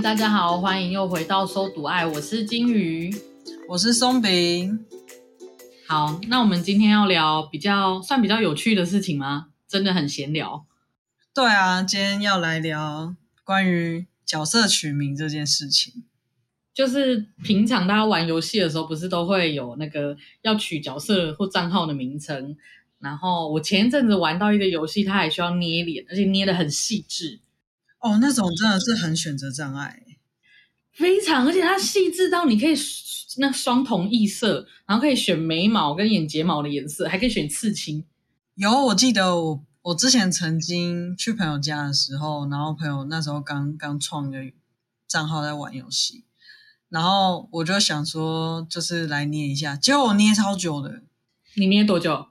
大家好，歡迎又回到收讀愛，我是鯨魚，我是鬆餅。好，那我們今天要聊比較算比較有趣的事情嗎？真的很閒聊。對啊，今天要來聊關於角色取名這件事情。就是平常大家玩遊戲的時候，不是都會有那個要取角色或賬號的名稱。然後我前一陣子玩到一個遊戲，它還需要捏臉，而且捏得很細緻。哦，那種真的是很選擇障礙，非常，而且它細緻到你可以那雙瞳異色，然後可以選眉毛跟眼睫毛的顏色，還可以選刺青。有，我記得我我之前曾經去朋友家的時候，然後朋友那時候剛剛創個賬號在玩遊戲，然後我就想說就是來捏一下，結果我捏超久的。你捏多久？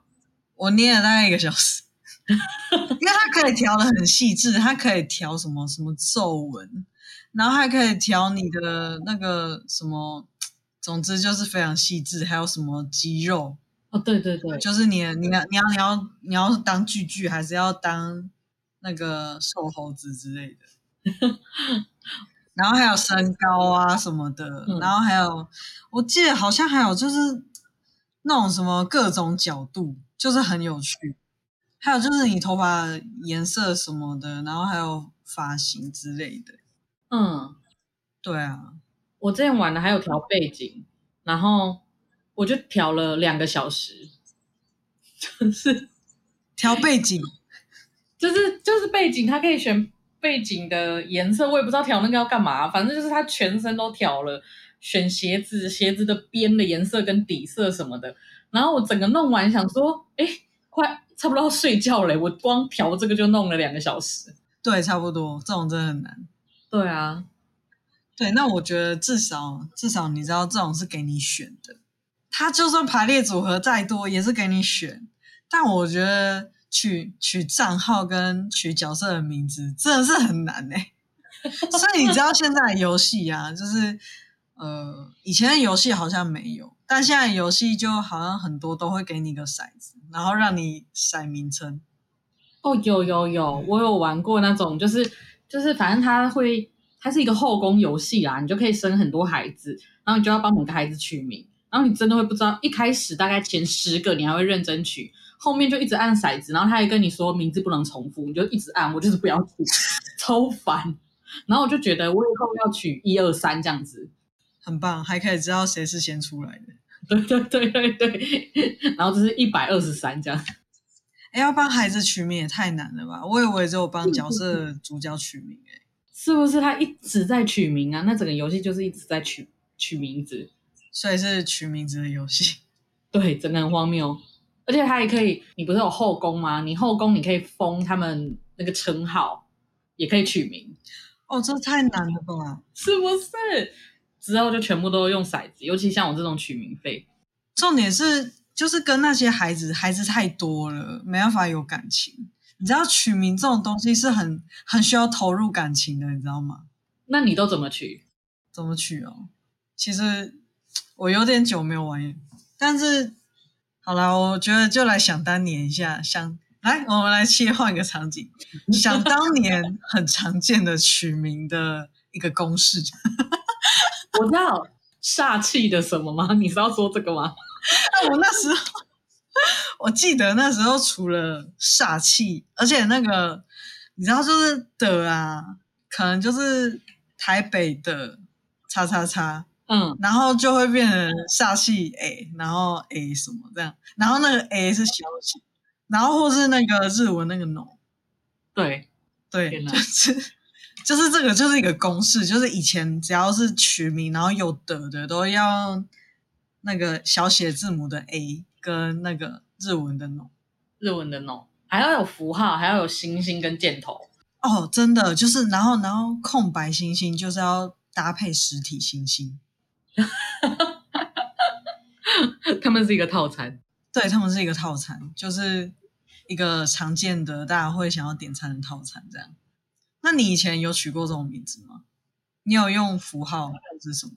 我捏了大概一個小時。 因為它可以調得很細緻，它可以調什麼什麼皺紋，然後還可以調你的那個什麼，總之就是非常細緻。還有什麼肌肉？哦，對對對，就是你、你要你要你要你要，你要當巨巨，還是要當那個瘦猴子之類的？ 然後還有身高啊什麼的，嗯、然後還有，我記得好像還有就是那種什麼各種角度，就是很有趣。還有就是你頭髮顏色什麼的，然後還有髮型之類的。嗯，對啊，我之前玩的還有調背景，然後我就調了兩個小時，就是調背景，就是就是背景，它可以選背景的顏色，我也不知道調那個要幹嘛，反正就是它全身都調了，選鞋子，鞋子的邊的顏色跟底色什麼的。然後我整個弄完，想說，哎，快。差不多要睡覺嘞，我光調這個就弄了兩個小時。對，差不多，這種真的很難。對啊，對，那我覺得至少至少你知道這種是給你選的，他就算排列組合再多也是給你選。但我覺得取取賬號跟取角色的名字真的是很難呢、欸。 所以你知道現在遊戲啊，就是呃，以前的遊戲好像沒有，但現在遊戲就好像很多都會給你一個骰子。然後讓你篩名稱，哦，oh, 有有有，我有玩過那種，就是就是，反正他會，它是一個後宮遊戲啦，你就可以生很多孩子，然後你就要幫每個孩子取名，然後你真的會不知道，一開始大概前十個你還會認真取，後面就一直按骰子，然後他還跟你說名字不能重複，你就一直按，我就是不要取，超煩。 然後我就覺得我以後要，要取一二三這樣子，很棒，還可以知道誰是先出來的。對對對對對，然後就是一百二十三這樣，哎，要幫孩子取名也太難了吧？我以為只有幫角色主角取名，欸、是不是？他一直在取名啊？那整個遊戲就是一直在取取名字，所以是取名字的遊戲。對，真的很荒謬。而且他也可以，你不是有後宮嗎？你後宮你可以封他們那個稱號，也可以取名哦，這太難了吧？是不是？之後就全部都用骰子，尤其像我這種取名廢，重點是就是跟那些孩子孩子，太多了，沒辦法有感情。你知道取名這種東西是很很需要投入感情的，你知道嗎？那你都怎麼取？怎麼取哦？其實我有點久沒有玩耶，但是好啦，我覺得就來想當年一下，想來我們來切換一個場景， 想當年很常見的取名的一個公式。 我知道煞氣的什麼嗎？你是要說這個嗎？啊，我那時候我記得那時候除了煞氣，而且那個你知道就是的啊，可能就是台北的叉叉叉，嗯，然後就會變成煞氣 A，然後 A 什麼這樣，然後那個 A 是小氣，然後或是那個日文那個 no，對對，對，原來就是。就是這個，就是一個公式。就是以前只要是取名，然後有的的都要那個小寫字母的 a 跟那個日文的 no，日文的 no 還要有符號，還要有星星跟箭頭。哦，真的就是，然後然後空白星星就是要搭配實體星星， 他們是一個套餐，對，他們是一個套餐，就是一個常見的大家會想要點餐的套餐這樣。那你以前有取過這種名字嗎？你有用符號還是什麼？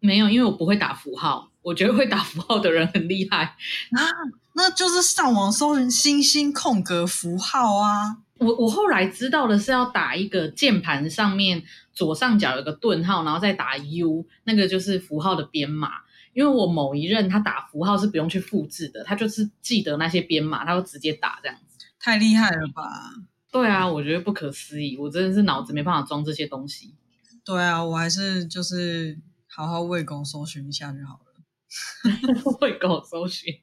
沒有，因為我不會打符號。我覺得會打符號的人很厲害。那、啊、那就是上網搜尋星星空格符號啊。我我後來知道的是要打一個鍵盤上面左上角有個頓號，然後再打 U，那個就是符號的編碼。因為我某一任他打符號是不用去複製的，他就是記得那些編碼，他就直接打這樣子。太厲害了吧！對啊，我覺得不可思議，我真的是腦子沒辦法裝這些東西。對啊，我還是就是好好餵狗搜尋一下就好了。餵 狗搜尋，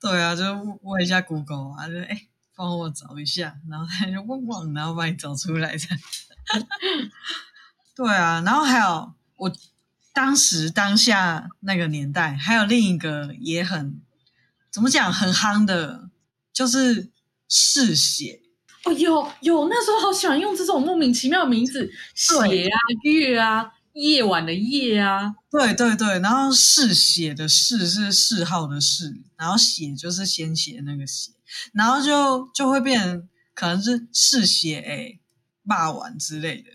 對啊，就問，問一下 Google 啊，就哎幫我找一下，然後他就汪汪，然後幫你找出來的。 對啊，然後還有我當時當下那個年代，還有另一個也很怎麼講很夯的，就是嗜血。哦，oh, 有有，那時候好喜歡用這種莫名其妙的名字，對血啊、月啊、夜晚的夜啊，對對對，然後嗜血的嗜是嗜好的，的嗜然後血就是先寫那個血，然後就就會變成可能是嗜血誒，罵完之類的。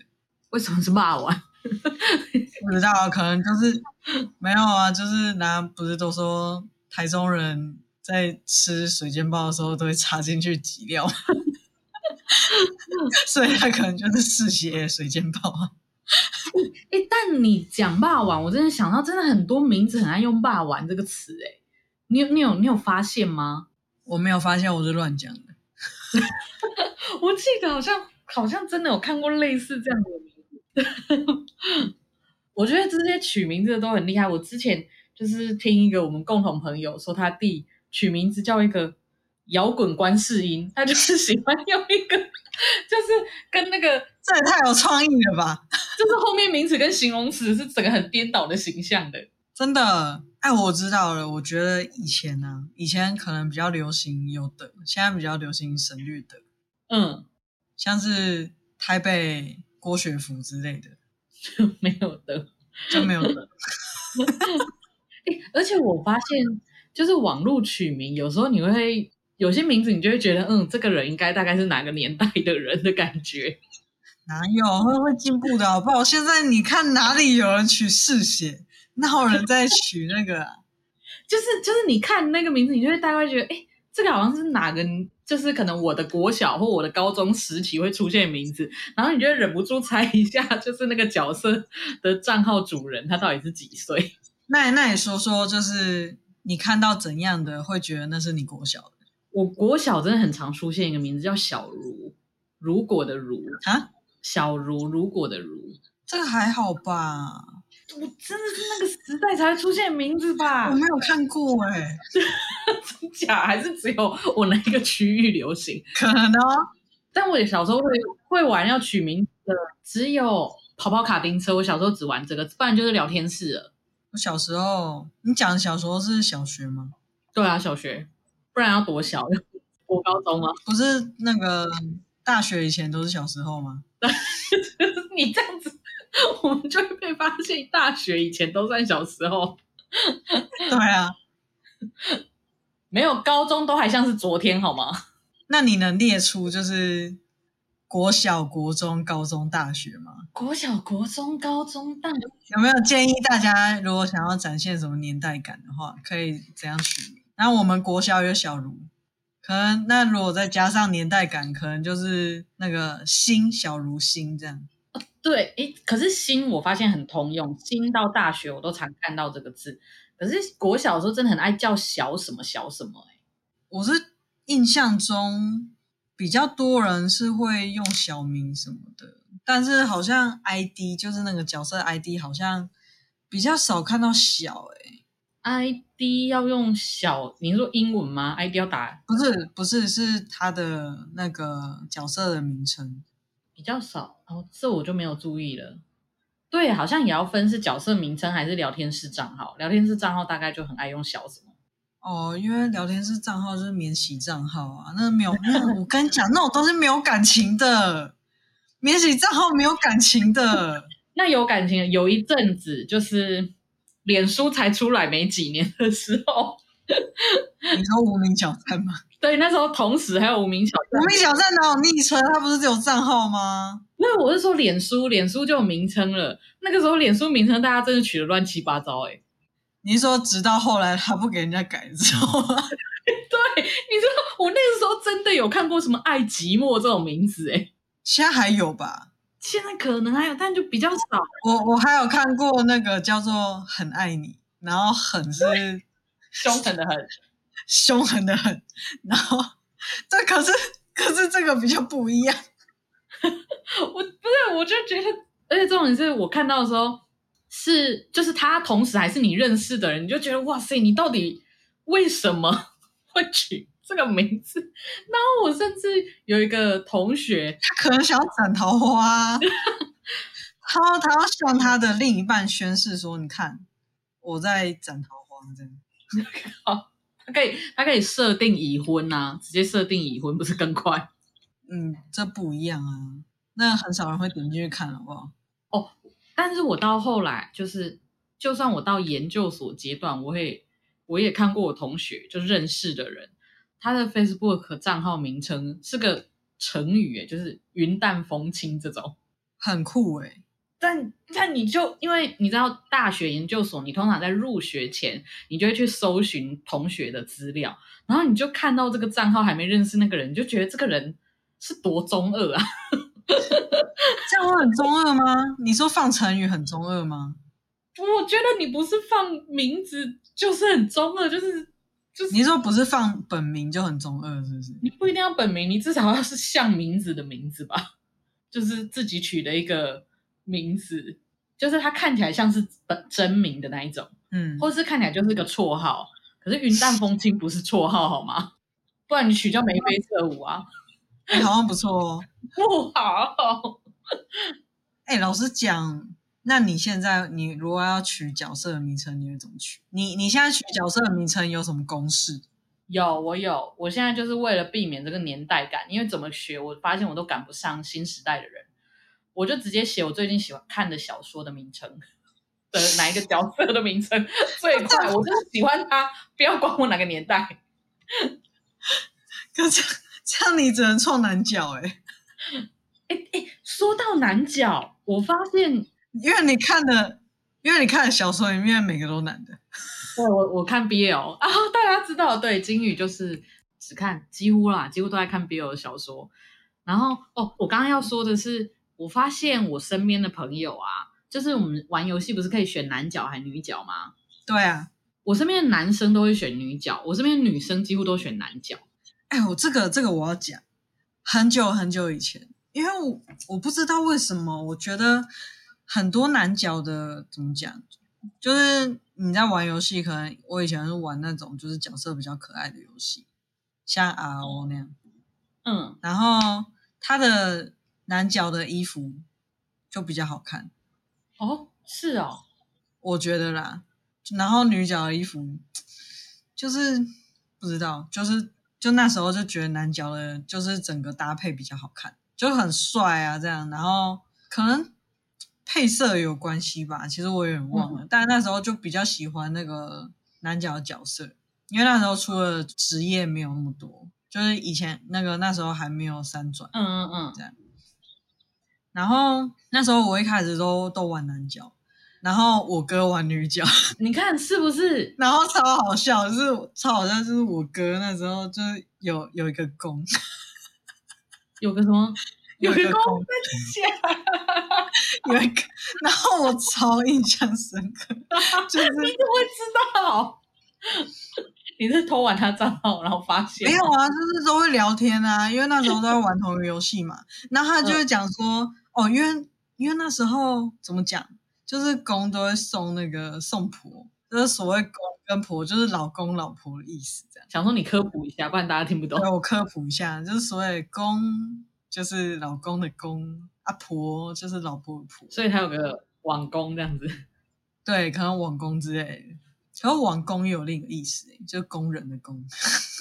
為什麼是罵完？ 不知道，可能就是沒有啊，就是那不是都說台中人在吃水煎包的時候都會插進去擠料。 所以他可能就是嗜血水煎包，嗯。啊！哎，但你講霸王，我真的想到真的很多名字很愛用霸王這個詞，欸。哎，你有你有你有發現嗎？我沒有發現，我是亂講的。 我記得好像好像真的有看過類似這樣的名字，嗯。 我覺得這些取名字都很厲害。我之前就是聽一個我們共同朋友說，他弟取名字叫一個搖滾觀世音，他就是喜歡用一個。 就是跟那個這也太有創意了吧！就是後面名詞跟形容詞是整個很顛倒的形象的， 真的。哎，我知道了。我覺得以前呢、啊，以前可能比較流行有的，現在比較流行省略的。嗯，像是台北郭學福之類的，就沒有的，就 沒有的。 而且我發現，就是網絡取名，有時候你會。有些名字你就會覺得，嗯，這個人應該大概是哪個年代的人的感覺？哪有會會進步的，好不好？ 現在你看哪裡有人取嗜血？哪有人在取那個啊 就是，就是就是，你看那個名字，你就會大概會覺得，哎，這個好像是哪個，就是可能我的國小或我的高中時期會出現名字，然後你就會忍不住猜一下，就是那個角色的賬號主人他到底是幾歲？那也那你說說，就是你看到怎樣的會覺得那是你國小的？我國小真的很常出現一個名字叫小如，如果的如啊，小如，如果的如，這個還好吧？我真的是那個時代才出現名字吧？我沒有看過誒、欸、 真假？還是只有我那個區域流行？可能，但我小時候會會玩要取名字的只有跑跑卡丁車，我小時候只玩這個，不然就是聊天室了。我小時候，你講的小時候是小學嗎？對啊，小學。不然要多小？要多高中嗎？不是那個大學以前都是小時候嗎？ 你這樣子，我們就會被發現。大學以前都算小時候。對啊， 沒有高中都還像是昨天，好嗎？那你能列出就是國小、國中、高中、大學嗎？國小、國中、高中、大學。有沒有建議大家，如果想要展現什麼年代感的話，可以怎樣取名？那我們國小有小如，可能那如果再加上年代感，可能就是那個心、小如心這樣。哦、對誒，可是心我發現很通用，心到大學我都常看到這個字。可是國小的時候真的很愛叫小什麼小什麼誒，我是印象中比較多人是會用小名什麼的，但是好像 ID 就是那個角色 ID 好像比較少看到小誒，誒 i 第一要用小，你說英文嗎？哎，不要打，不是，不是，是他的那個角色的名稱比較少，哦，這我就沒有注意了。對，好像也要分是角色名稱還是聊天室賬號。聊天室賬號大概就很愛用小什麼。哦，因為聊天室賬號是免洗賬號啊，那沒有，我跟你講， 那種都是沒有感情的，免洗賬號沒有感情的。 那有感情，有一陣子就是。臉書才出來沒幾年的時候， 你說無名小站嗎？對，那時候同時還有無名小站。無名小站哪有昵稱？它不是只有賬號嗎？那我是說臉書，臉書就有名稱了。那個時候臉書名稱大家真的取得亂七八糟哎、欸。你說，直到後來他不給人家改之後， 對，你說我那個時候真的有看過什麼“愛寂寞”這種名字哎、欸。現在還有吧？現在可能還有，但就比較少。我我還有看過那個叫做《很愛你》，然後很是兇狠的很，兇狠的很。然後這可是可是這個比較不一樣。 我不是，我就覺得，而且這種人是我看到的時候，是就是他同時還是你認識的人，你就覺得哇塞，你到底為什麼會取這個名字，然後我甚至有一個同學，他可能想要斬桃花， 他他要向他的另一半宣誓說：“你看，我在斬桃花。”這樣，好，他可以他可以設定已婚啊，直接設定已婚，不是更快？嗯，這不一樣啊。那很少人會點進去看好不好？了哦。哦，但是我到後來，就是就算我到研究所階段我會，我也我也看過我同學就認識的人。他的 Facebook 賬號名稱是個成語、欸，就是雲淡風輕這種，很酷哎、欸。但但你就因為你知道大學研究所，你通常在入學前，你就會去搜尋同學的資料，然後你就看到這個賬號還沒認識那個人，你就覺得這個人是多中二啊？ 這樣，我很中二嗎？你說放成語很中二嗎？我覺得你不是放名字就是很中二，就是。就是、你說不是放本名就很中二，是不是？你不一定要本名，你至少要是像名字的名字吧，就是自己取的一個名字，就是它看起來像是本真名的那一種，嗯，或是看起來就是個綽號，可是雲淡風輕不是綽號好嗎？不然你取叫眉飛色舞啊、嗯哎，好像不錯哦，不好、哦，哎，老實講。那你現在，你如果要取角色的名稱，你會怎麼取？你你現在取角色的名稱有什麼公式？有，我有。我現在就是為了避免這個年代感，因為怎麼學，我發現我都趕不上新時代的人，我就直接寫我最近喜歡看的小說的名稱的、呃、哪一個角色的名稱 最快。我就是喜歡他，不要管我哪個年代。 可是，這樣你只能創男角哎、欸，哎哎、欸欸，說到男角，我發現。因為你看的，因為你看的小說裡面每個都男的。對，我我看 BL 啊，大家知道，對，鯨魚就是只看幾乎啦，幾乎都在看 BL 的小說。然後哦，我剛剛要說的是，我發現我身邊的朋友啊，就是我們玩遊戲不是可以選男角還女角嗎？對啊，我身邊的男生都會選女角，我身邊的女生幾乎都選男角。哎呦，我這個這個我要講很久很久以前，因為我我不知道為什麼，我覺得。很多男角的怎麼講，就是你在玩遊戲，可能我以前是玩那種就是角色比較可愛的遊戲，像 RO 那樣，嗯，然後他的男角的衣服就比較好看，哦，是哦，我覺得啦，然後女角的衣服就是不知道，就是就那時候就覺得男角的就是整個搭配比較好看，就很帥啊這樣，然後可能。配色有關係吧，其實我有點忘了，嗯、但是那時候就比較喜歡那個男角角色，因為那時候出了職業沒有那麼多，就是以前那個那時候還沒有三轉，嗯嗯嗯，這樣。然後那時候我一開始都都玩男角，然後我哥玩女角，你看是不是？然後超好笑，就是超好笑，就是我哥那時候就是有有一個弓，有個什麼。有一個公在底下，有一個，然後我超印象深刻，就是你會知道，你是偷玩他賬號然後發現？沒有啊，就是都會聊天啊，因為那時候都在玩同一個遊戲嘛。那他就會講說，哦，因為因為那時候怎麼講，就是公都會送那個送婆，就是所謂公跟婆就是老公老婆的意思這樣。想說你科普一下，不然大家聽不懂。那我科普一下，就是所謂公。就是老公的公，阿婆就是老婆的婆，所以他有個網公這樣子，對，可能網公之類的，可網公又有另一個意思，就是工人的工。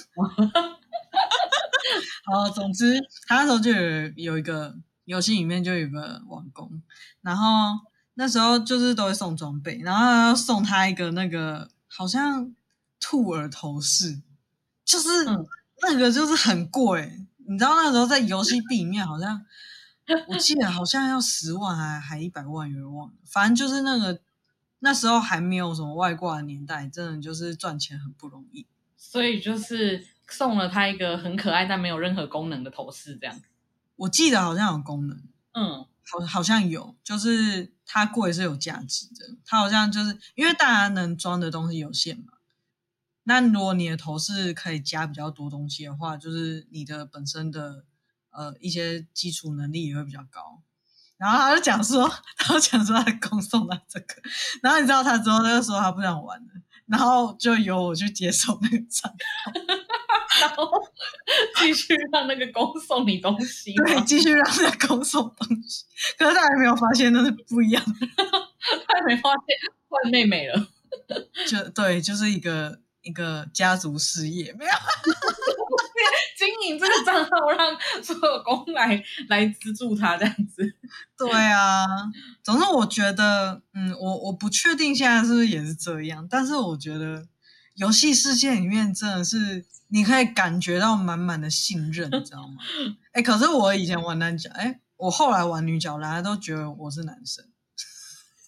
好，總之他那時候就有有一個遊戲裡面就有個網公，然後那時候就是都會送裝備，然後要送他一個那個好像兔耳頭飾，就是、嗯、那個就是很貴。你知道那時候在遊戲幣裡面，好像我記得好像要十萬還還一百萬，有點忘了。反正就是那個那時候還沒有什麼外掛的年代，真的就是賺錢很不容易。所以就是送了他一個很可愛但沒有任何功能的頭飾，這樣子。我記得好像有功能，嗯，好好像有，就是它貴是有價值的。它好像就是因為大家能裝的東西有限嘛。那如果你的頭飾可以加比較多東西的話，就是你的本身的呃一些基礎能力也會比較高。然後他就講說，他就講說他公送他這個，然後你知道他之後他就說他不想玩了，然後就由我去接受那個賬號， 然後繼續讓那個公送你東西。對，繼續讓那個公送東西，可是他還沒有發現那是不一樣的， 他還沒發現換妹妹了，就對，就是一個。一個家族事業，沒有， 經營這個賬號，讓所有公來來資助他這樣子。對啊，總之我覺得，嗯，我我不確定現在是不是也是這樣，但是我覺得遊戲世界裡面真的是你可以感覺到滿滿的信任，你知道嗎？哎， 可是我以前玩男角，哎，我後來玩女角，人家都覺得我是男生。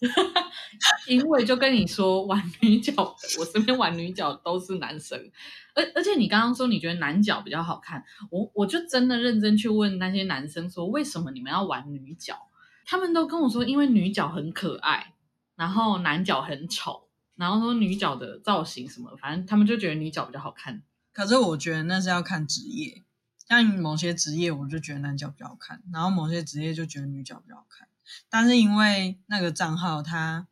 哈哈， 因為就跟你說玩女角，我身邊玩女角都是男生，而而且你剛剛說你覺得男角比較好看，我我就真的認真去問那些男生說，為什麼你們要玩女角，他們都跟我說因為女角很可愛，然後男角很醜，然後說女角的造型什麼，反正他們就覺得女角比較好看。可是我覺得那是要看職業，像某些職業我就覺得男角比較好看，然後某些職業就覺得女角比較好看。但是因為那個賬號，它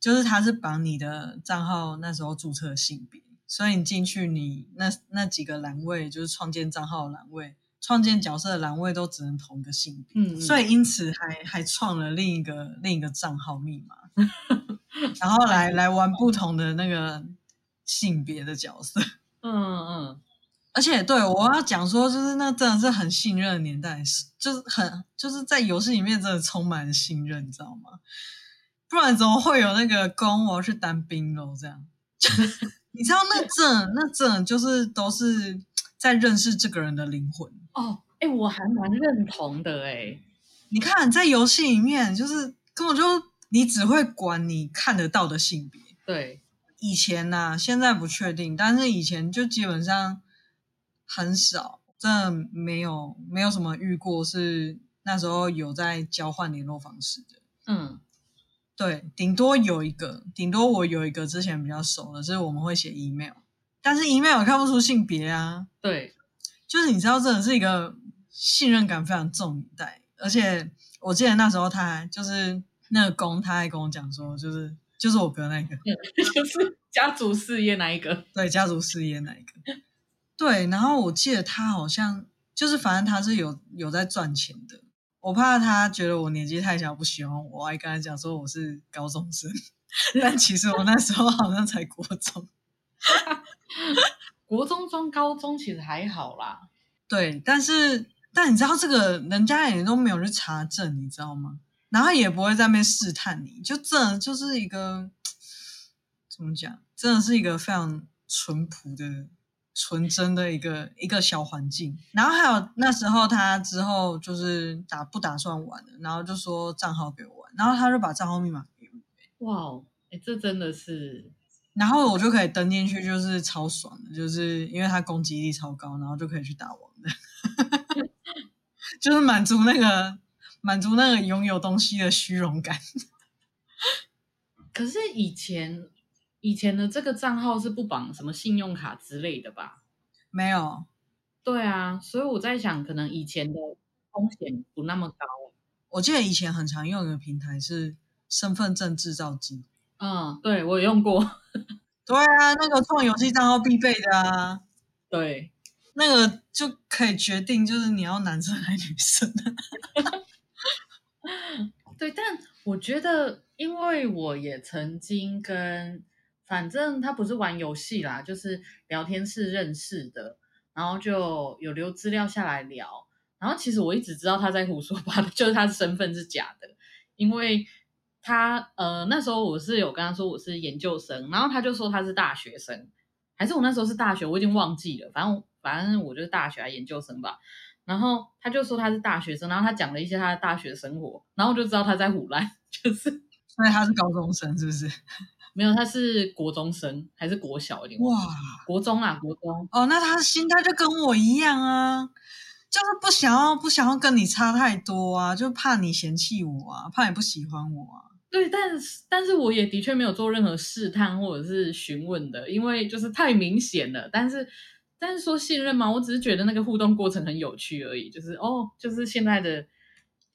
就是它是綁你的賬號那時候註冊性別，所以你進去你那那幾個欄位，就是創建賬號欄位、創建角色的欄位，都只能同個性別。嗯。所以因此還還創了另一個另一個賬號密碼，然後來 來，來玩不同的那個性別的角色。 嗯嗯。而且對我要講說，就是那真的是很信任的年代，就是很就是在遊戲裡面真的充滿信任，你知道嗎？不然怎麼會有那個公我要去當兵嘍？這樣， 你知道那陣是那陣就是都是在認識這個人的靈魂哦。哎、oh, 欸，我還蠻認同的哎、欸。你看在遊戲裡面，就是根本就你只會管你看得到的性別。對，以前呢、啊，現在不確定，但是以前就基本上。很少，真的沒有，沒有什麼遇過是那時候有在交換聯絡方式的。嗯，對，頂多有一個，頂多我有一個之前比較熟的，就是我們會寫 email，但是 email 看不出性別啊。對，就是你知道，真的是一個信任感非常重一代，而且我記得那時候他就是那個公，他還跟我講說，就是就是我哥那個、嗯，就是家族事業哪一個？對，家族事業哪一個？對，然後我記得他好像就是，反正他是有有在賺錢的。我怕他覺得我年紀太小，不喜歡我，還跟他講說我是高中生，但其實我那時候好像才國中。國中中高中其實還好啦。對，但是但你知道這個人家也都沒有去查證，你知道嗎？然後也不會在那邊試探你，就這就是一個怎麼講，真的是一個非常淳樸的。純真的一個一個小環境，然後還有那時候他之後就是打不打算玩了，然後就說賬號給我玩，然後他就把賬號密碼給我。哇、欸，這真的是，然後我就可以登進去，就是超爽的，就是因為他攻擊力超高，然後就可以去打王的， 就是滿足那個滿足那個擁有東西的虛榮感。可是以前。以前的這個賬號是不綁什麼信用卡之類的吧？沒有，對啊，所以我在想，可能以前的風險不那麼高啊。我記得以前很常用的平台是身份證製造機。嗯，對我用過。對啊，那個做遊戲賬號必備的啊。對，那個就可以決定就是你要男生還是女生的。 對，但我覺得，因為我也曾經跟。反正他不是玩遊戲啦，就是聊天室認識的，然後就有留資料下來聊。然後其實我一直知道他在胡說八道，就是他的身份是假的，因為他呃那時候我是有跟他說我是研究生，然後他就說他是大學生，還是我那時候是大學，我已經忘記了。反正反正我就是大學還研究生吧。然後他就說他是大學生，然後他講了一些他的大學生活，然後我就知道他在胡來，就是因為他是高中生，是不是？沒有，他是國中生還是國小一點？哇，國中啊，國中哦，那他的心態就跟我一樣啊，就是不想要不想要跟你差太多啊，就怕你嫌棄我啊，怕你不喜歡我啊。對，但是但是我也的確沒有做任何試探或者是詢問的，因為就是太明顯了。但是但是說信任嘛，我只是覺得那個互動過程很有趣而已，就是哦，就是現在的。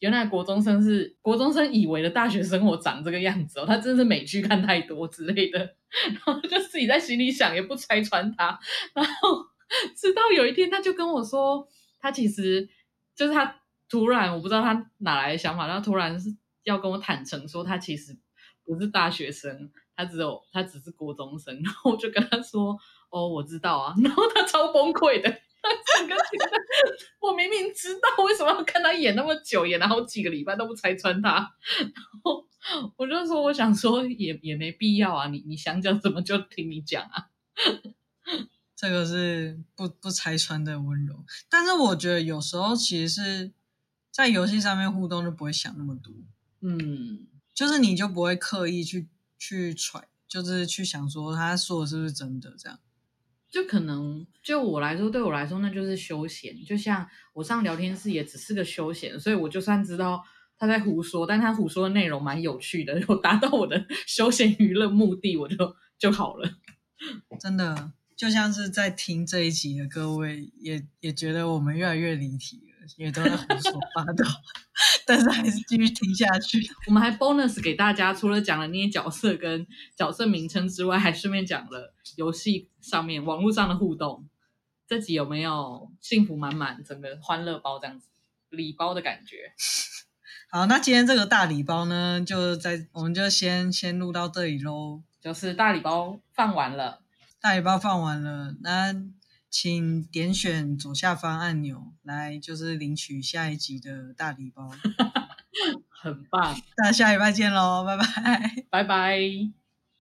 原來國中生是國中生以為的大學生活長這個樣子哦，他真的是美劇看太多之類的，然後就自己在心裡想，也不拆穿他。然後直到有一天，他就跟我說，他其實就是他突然我不知道他哪來的想法，然後突然是要跟我坦誠說，他其實不是大學生，他只有他只是國中生。然後我就跟他說，哦，我知道啊。然後他超崩潰的。 我明明知道，為什麼要看他演那麼久，演了好幾個禮拜都不拆穿他。然後我就說，我想說也也沒必要啊，你你想講什麼就聽你講啊。這個是不不拆穿的溫柔，但是我覺得有時候其實是在遊戲上面互動就不會想那麼多，嗯，就是你就不會刻意去去揣，就是去想說他說的是不是真的這樣。就可能，就我來說，對我來說，那就是休閒。就像我上聊天室也只是個休閒，所以我就算知道他在胡說，但他胡說的內容蠻有趣的，我達到我的休閒娛樂目的，我就就好了。真的，就像是在聽這一集的各位，也也覺得我們越來越離題。因為都在胡說八道， 但是還是繼續聽下去。我們還 bonus 給大家，除了講了那些角色跟角色名稱之外，還順便講了遊戲上面網絡上的互動。這集有沒有幸福滿滿、整個歡樂包這樣子禮包的感覺？好，那今天這個大禮包呢，就在我們就先先錄到這裡嘍，就是大禮包放完了，大禮包放完了，那、啊。請點選左下方按鈕來，就是領取下一集的大禮包， 很棒！那下禮拜見嘍，拜拜，拜拜。